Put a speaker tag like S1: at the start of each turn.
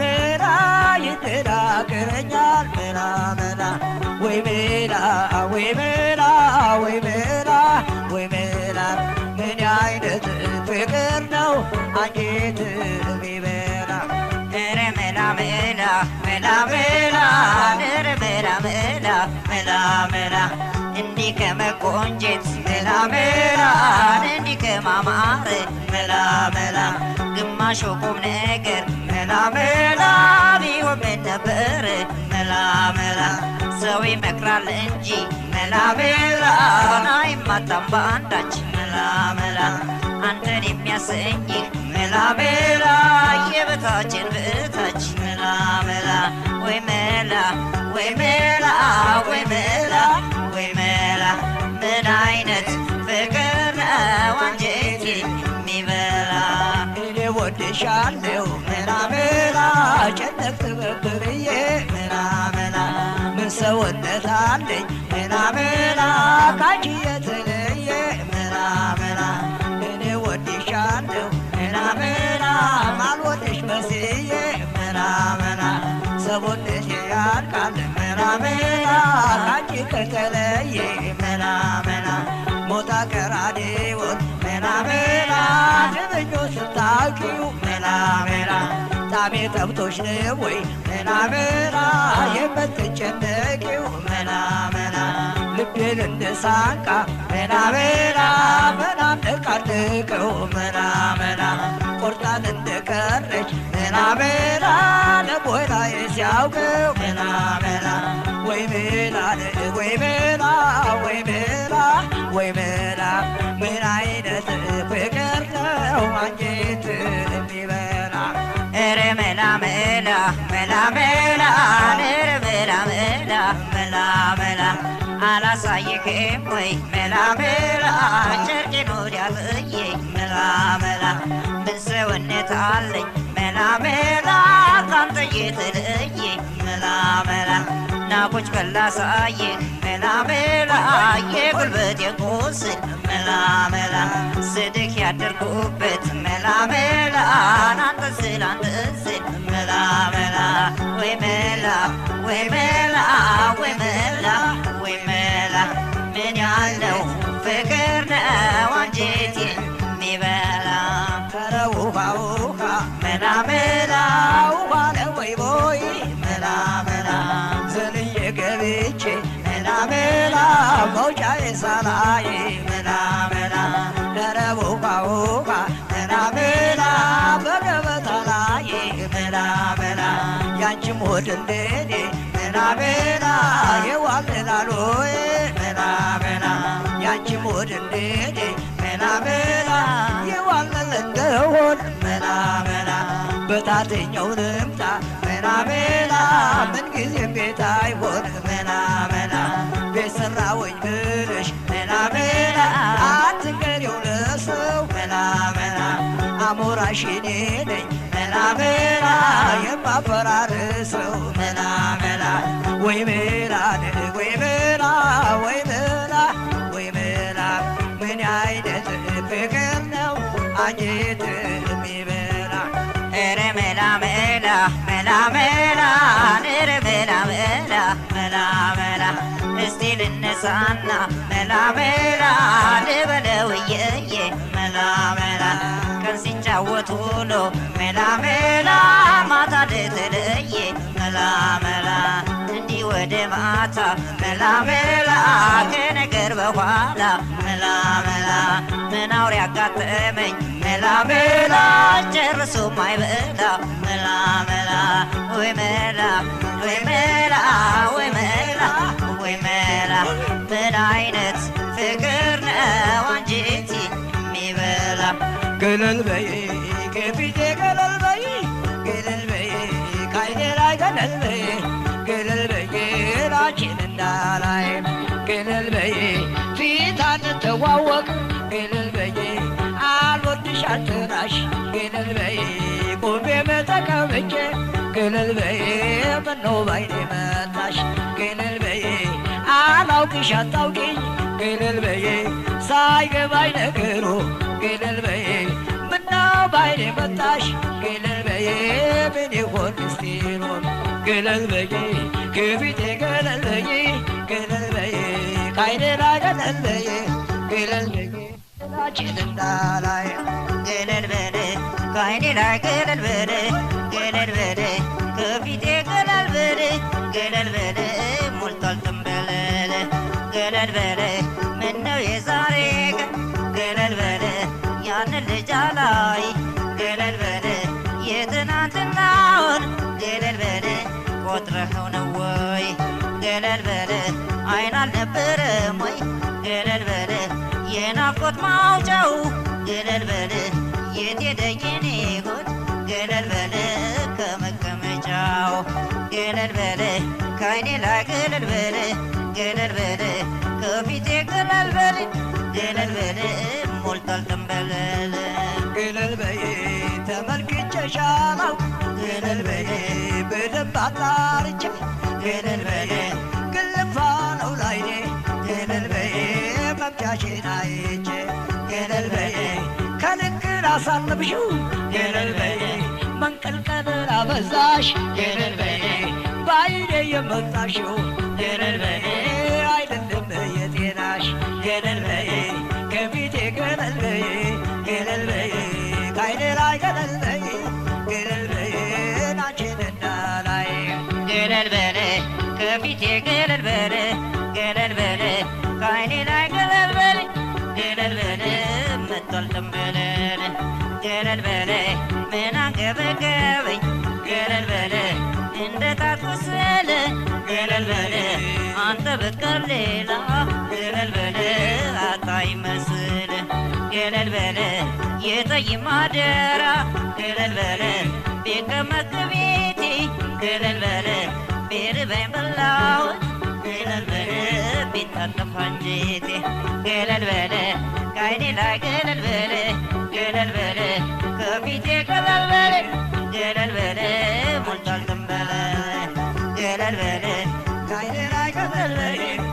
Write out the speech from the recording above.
S1: ሜና ይደናግረኛል ሜና ሜና ወይ ሜና ወይ ሜና ወይ ሜና ወይ ሜና ምን አይነት ፍቅር ነው አንጀት የሚበላ
S2: ኧረ ሜና ሜና ሜና ሜና ኧረ ሜና ሜና ሜና ሜና እንዲህ ከመቆንጀት ሜና ሜና እንዲህ ከማማር ሜና ሜና ጭራሽ ቁም ነገር መላ መላ ቢሆን ምን ነበር መላ መላ ሰው ይመክራል እንጂ መላ መላ አይማታም በአንዳች መላ መላ አንተን የሚያሰኝህ መላ መላ የበታችን ብእታች መላ መላ ወይ መላ ወይ መላ ወይ መላ
S1: እሻለሁ ምናምና ጨነቅ ትበብብዬ ምናምና ምን ሰውነት አለኝ ምናምና ካንቺ የተለየ ምናምና እኔ ወድሻለሁ ምናምና ማልወድሽ መስዬ ምናምና ሰውነት ያልቃል ምናምና ካንቺ ከተለየ ምናምና ሞታ ከራዴዎት ሜላ ሜላ ድብኙ ስታውቂው ሜላ ሜላ ጣሜ ጠብቶች ነው ወይ ሜላ ሜላ የምትጨነቂው ሜላ ሜላ ልቤን እንደሳንቃ ሜላ ሜላ በናም ንቃድቀው ሜላ ሜላ ቆርጣን እንደቀረች ሜላ ሜላ ለቦይላ ሲያውቀው ሜላ ሜላ ወይ ሜላ ወይ ሜላ ወይ ወይ ምላ ምን አይነት ፍቅር ነው አንጀት የሚበላ
S2: ኧረ መላ መላ መላ መላ ኧረ መላ መላ መላ መላ አላሳየክም ወይ መላ መላ ጨርቄን ወዲያ ጥዬ መላ መላ ምን ሰውነት አለኝ መላ መላ ካንተ የተለየ መላ መላ ናቆች በላሳየህ ሜላ ሜላ የጉልበት የቁስል ሜላ ሜላ ስድክ ያደርጉበት ሜላ ሜላ ናንተ ስል አንተ ስል ሜላ ሜላ ወይ መላ ወይ ሜላ ወይ ሜላ ወይ ሜላ ምን ያለው ፍቅር ነው አንጀቴን ሚበላ
S1: ኧረ ውሃ ውሃ
S2: ሜላ ሜላ ውሃ ነው ወይ ቦይ ሜላ ሜላ ዘልዬ ገብቼ መላ መውጫ የሳላይ መላ መላ
S1: ደረቡ ባውባ
S2: መላ በገበታ ላይ መላ መላ ያንቺም ሆድ እንደኔ መላ መላ የዋልላሉ መላ መላ ያንቺም ሆድ እንደኔ መላ መላ የዋልል መላ መላ በታተኛው ልምጣ መላ መላ ምንጊዜም ቤት አይሆን መላ ያፈራሽ እኔ ነኝ መላመላ የማፈራርሰው መላመላ ወይ መላ ወይ መላ ወይ መላ ወይ መላ ምን አይነት ፍቅር ነው አኝት የሚበላ ኧረ መላ መላ መላ መላ ኧረ መላ መላ መላ መላ እስቲ ልነሳና መላመላ ልበለው እየየ መላመላ ቀን ሲጫወት ውሎ መላመላ ማታ ልትለየ መላመላ እንዲህ ወደ ማታ መላመላ ከነገር በኋላ መላመላ ምናውር ያጋጠመኝ መላመላ ጨርሶ ማይበላ መላመላ ወይ መላ ወይ መላ
S1: ገለል በይ ከፊቴ ገለል በይ ገለል በይ ከዓይኔ ላይ ገለል በይ ገለል በይ ጌላችን እንዳላይ ገለል በይ ፊት አንተዋወቅ ገለል በይ አልወድሽ አልጥራሽ ገለል በይ ቆሜ ተቀምጬ ገለል በይ ምነው ባይኔ መጣሽ ገለል በይ አላውቅሽ አታውቂኝ ገለል በይ ሳይገባኝ ነገሩ ገለል በይ ከአይኔ መጣሽ ገለል በዬ ምን ይሆን ምስጢሩ ገለል በዬ ከፊቴ ገለል በዬ ገለል በዬ ከአይኔ ላይ ገለል በዬ ገለል በዬ ላችን እንዳላይ
S2: ገለል በደ ከአይኔ ላይ ገለል በደ ገለል በደ ከፊቴ ገለል በደ ገለል በደ ሞልቷል ትንበለለ ገለል በደ ምነው የዛሬ ገለል በደ ያንን ልጅ ላይ የትናንትናውን ገለል በለ ቆጥረኸው ነው ወይ ገለል በለ አይን አልነበረም ወይ ገለል በለ የናፍቆት ማውጫው ገለል በለ የት ሄደ ሆድ ገለል በለ ከመቀመጫው ገለል በለ ከአይኔ ላይ ገለል በል ገለል በል ከፊቴ ገለል በል ገለል በለ ሞልቷል ጠንበለል
S1: ገለል በይ ተመልክቼሻለው ይህንን በኔ በደንብ አጣርቼ ይህንን በኔ ግልፋ ነው ላይኔ ይህንን በኔ መምጫሽን አይቼ ይህንን በኔ ከንግር አሳንብሽው ይህንን መንቀልቀልን አበዛሽ ይህንን በኔ በአይኔ የመጣሽው
S2: ከፊቴ ገለል በል ገለል በል ከዓይኔ ላይ ገለል በል ገለል በል መጥቷል ጠንበለል ገለል በል ምን አንገበገበኝ ገለል በል እንደ ታቆሰለ ገለል በል አንተ ብትቀር ሌላ ገለል በል አታይመስል ገለል በል የጠይም አደራ ገለል በል ቤቀመቅ ቤቴ ገለል በል bir በላው ገለል በለ ቢታጠፋ አንጀቴ ላይ ገለል በለ ከፊቴ ገለል በለ ሞልቷል ትንበለ ገለል በለ ላይ ገለል